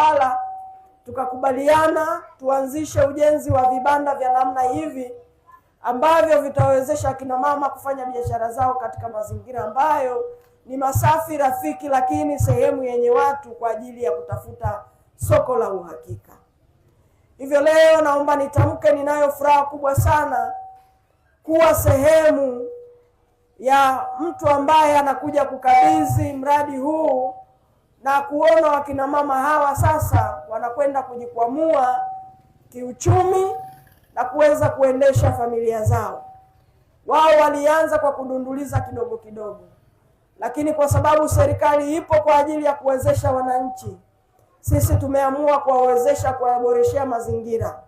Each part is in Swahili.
Mbagala tukakubaliana tuanzishe ujenzi wa vibanda vya namna hivi ambavyo vitawezesha kina mama kufanya biashara zao katika mazingira ambayo ni masafi, rafiki, lakini sehemu yenye watu kwa ajili ya kutafuta soko la uhakika. Hivyo leo naomba nitamke, ninayo furaha kubwa sana kuwa sehemu ya mtu ambaye anakuja kukabidhi mradi huu na kuona wakina mama hawa sasa wanakwenda kujikwamua kiuchumi na kuweza kuendesha familia zao. Wao walianza kwa kudunduliza kidogo kidogo, lakini kwa sababu serikali ipo kwa ajili ya kuwezesha wananchi, sisi tumeamua kuwawezesha, kuwaboreshea mazingira.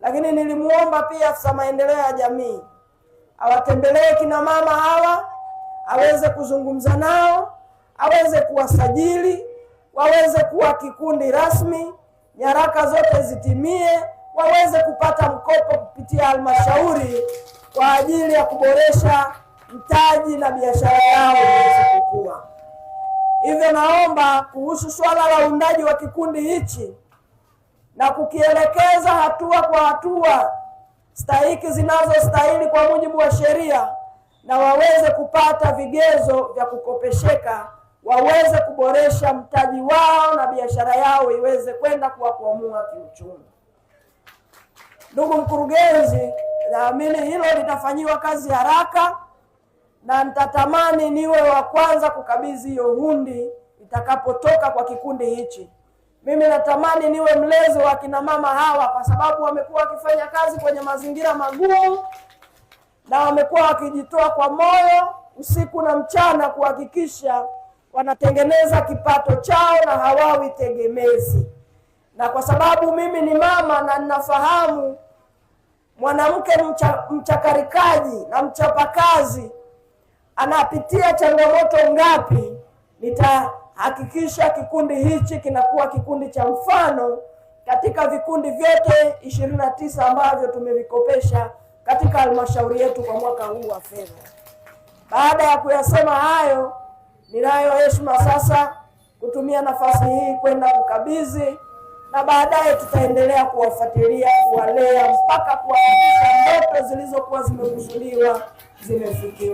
Lakini nilimwomba pia afisa maendeleo ya jamii awatembelee kina mama hawa aweze kuzungumza nao aweze kuwasajili waweze kuwa kikundi rasmi, nyaraka zote zitimie, waweze kupata mkopo kupitia halmashauri kwa ajili ya kuboresha mtaji na biashara yao iweze kukua. Hivyo naomba kuhusu swala la uundaji wa kikundi hichi na kukielekeza hatua kwa hatua stahiki zinazostahili kwa mujibu wa sheria, na waweze kupata vigezo vya kukopesheka waweze kuboresha mtaji wao na biashara yao iweze kwenda kuwakwamua kiuchumi. Ndugu mkurugenzi, naamini hilo litafanyiwa kazi haraka na nitatamani niwe wa kwanza kukabidhi hiyo hundi itakapotoka kwa kikundi hichi. Mimi natamani niwe mlezi wa kina mama hawa, kwa sababu wamekuwa wakifanya kazi kwenye mazingira magumu na wamekuwa wakijitoa kwa moyo usiku na mchana kuhakikisha wanatengeneza kipato chao na hawawi tegemezi. Na kwa sababu mimi ni mama na ninafahamu mwanamke mcha, mchakarikaji na mchapakazi anapitia changamoto ngapi, nitahakikisha kikundi hichi kinakuwa kikundi cha mfano katika vikundi vyote ishirini na tisa ambavyo tumevikopesha katika halmashauri yetu kwa mwaka huu wa fedha. Baada ya kuyasema hayo Ninayo heshima sasa kutumia nafasi hii kwenda kukabidhi, na baadaye tutaendelea kuwafuatilia, kuwalea mpaka kuhakikisha ndoto zilizokuwa zimekusudiwa zimefikiwa.